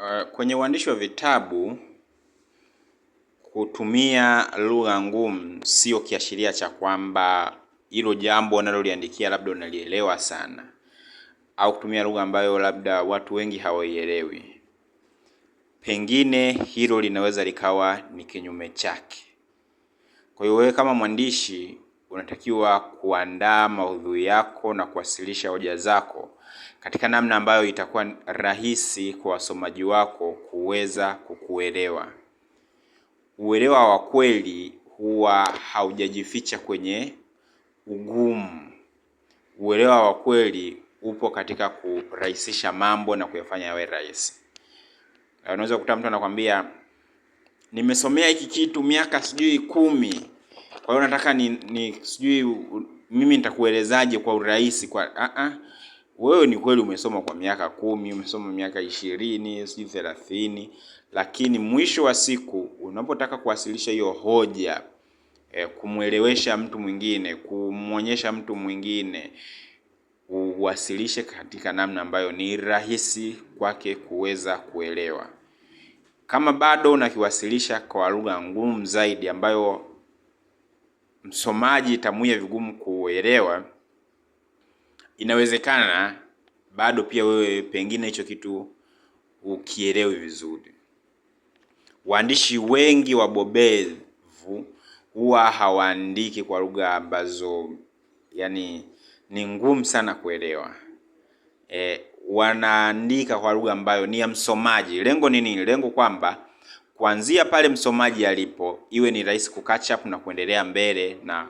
Uh, kwenye uandishi wa vitabu kutumia lugha ngumu sio kiashiria cha kwamba hilo jambo unaloliandikia labda unalielewa sana, au kutumia lugha ambayo labda watu wengi hawaielewi. Pengine hilo linaweza likawa ni kinyume chake. Kwa hiyo wewe kama mwandishi unatakiwa kuandaa maudhui yako na kuwasilisha hoja zako katika namna ambayo itakuwa rahisi kwa wasomaji wako kuweza kukuelewa. Uelewa wa kweli huwa haujajificha kwenye ugumu. Uelewa wa kweli upo katika kurahisisha mambo na kuyafanya yawe rahisi. Unaweza kukuta mtu anakwambia nimesomea hiki kitu miaka sijui kumi, kwa hiyo nataka ni, ni sijui mimi nitakuelezaje kwa urahisi kwa a ah, a ah wewe ni kweli umesoma kwa miaka kumi, umesoma miaka ishirini, si thelathini, lakini mwisho wa siku unapotaka kuwasilisha hiyo hoja eh, kumwelewesha mtu mwingine, kumwonyesha mtu mwingine, uwasilishe katika namna ambayo ni rahisi kwake kuweza kuelewa. Kama bado unakiwasilisha kwa lugha ngumu zaidi ambayo msomaji itamuia vigumu kuelewa inawezekana bado pia wewe pengine hicho kitu ukielewi vizuri. Waandishi wengi wabobevu huwa hawaandiki kwa lugha ambazo yani ni ngumu sana kuelewa. E, wanaandika kwa lugha ambayo ni ya msomaji. Lengo ni nini? Lengo kwamba kuanzia pale msomaji alipo iwe ni rahisi kukachap na kuendelea mbele na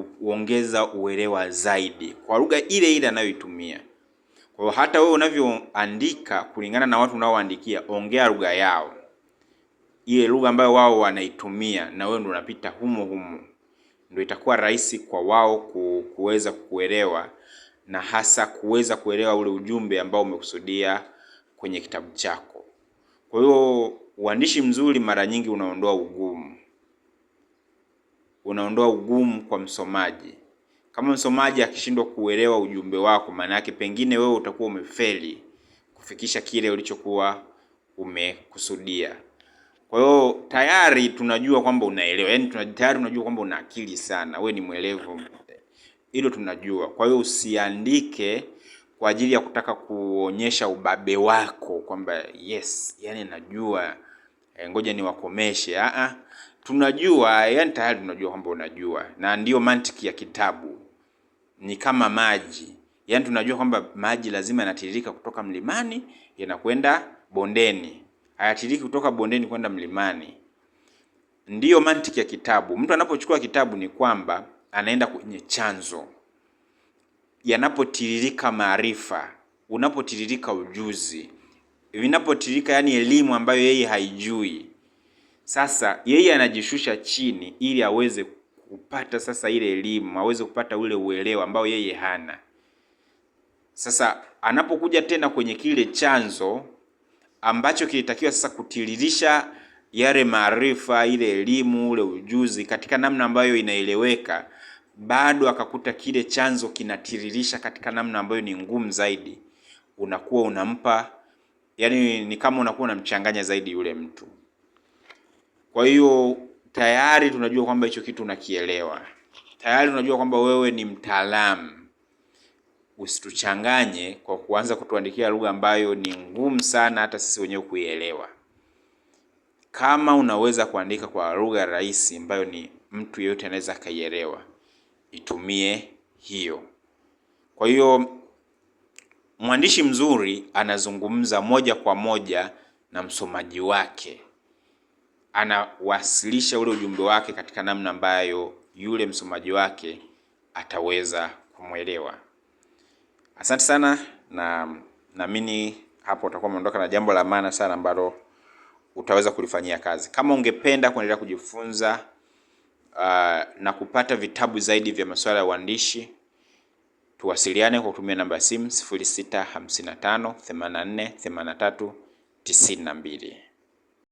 kuongeza uelewa zaidi kwa lugha ile ile anayoitumia. Kwa hiyo hata wewe unavyoandika kulingana na watu unaoandikia, ongea lugha yao, ile lugha ambayo wao wanaitumia, na wewe ndio unapita humo humo, ndio itakuwa rahisi kwa wao kuweza kuelewa na hasa kuweza kuelewa ule ujumbe ambao umekusudia kwenye kitabu chako. Kwa hiyo uandishi mzuri mara nyingi unaondoa ugumu unaondoa ugumu kwa msomaji. Kama msomaji akishindwa kuelewa ujumbe wako, maana yake pengine wewe utakuwa umefeli kufikisha kile ulichokuwa umekusudia. Kwa hiyo tayari tunajua kwamba unaelewa, yaani tayari unajua kwamba una akili sana, wewe ni mwelevu, hilo tunajua. Kwa hiyo usiandike kwa ajili ya kutaka kuonyesha ubabe wako kwamba yes, yani najua, eh, ngoja niwakomeshe. Ah, ah tunajua, yani tayari tunajua kwamba unajua, na ndiyo mantiki ya kitabu, ni kama maji. Yani tunajua kwamba maji lazima yanatiririka kutoka mlimani yanakwenda bondeni, hayatiriki kutoka bondeni kwenda mlimani. Ndiyo mantiki ya kitabu. Mtu anapochukua kitabu ni kwamba anaenda kwenye chanzo, yanapotiririka maarifa, unapotiririka ujuzi, vinapotiririka yani elimu ambayo yeye haijui sasa yeye anajishusha chini ili aweze kupata sasa ile elimu, aweze kupata ule uelewa ambao yeye hana. Sasa anapokuja tena kwenye kile chanzo ambacho kilitakiwa sasa kutiririsha yale maarifa, ile elimu, ule ujuzi katika namna ambayo inaeleweka, bado akakuta kile chanzo kinatiririsha katika namna ambayo ni ngumu zaidi, unakuwa unampa, yani ni kama unakuwa unamchanganya zaidi yule mtu. Kwa hiyo tayari tunajua kwamba hicho kitu unakielewa, tayari tunajua kwamba wewe ni mtaalamu. Usituchanganye kwa kuanza kutuandikia lugha ambayo ni ngumu sana hata sisi wenyewe kuielewa. Kama unaweza kuandika kwa lugha rahisi ambayo ni mtu yeyote anaweza akaielewa, itumie hiyo. Kwa hiyo mwandishi mzuri anazungumza moja kwa moja na msomaji wake anawasilisha ule ujumbe wake katika namna ambayo yule msomaji wake ataweza kumwelewa. Asante sana, na naamini hapo utakuwa umeondoka na jambo la maana sana ambalo utaweza kulifanyia kazi. Kama ungependa kuendelea kujifunza uh, na kupata vitabu zaidi vya masuala ya uandishi, tuwasiliane kwa kutumia namba ya simu 0655 84 83 92.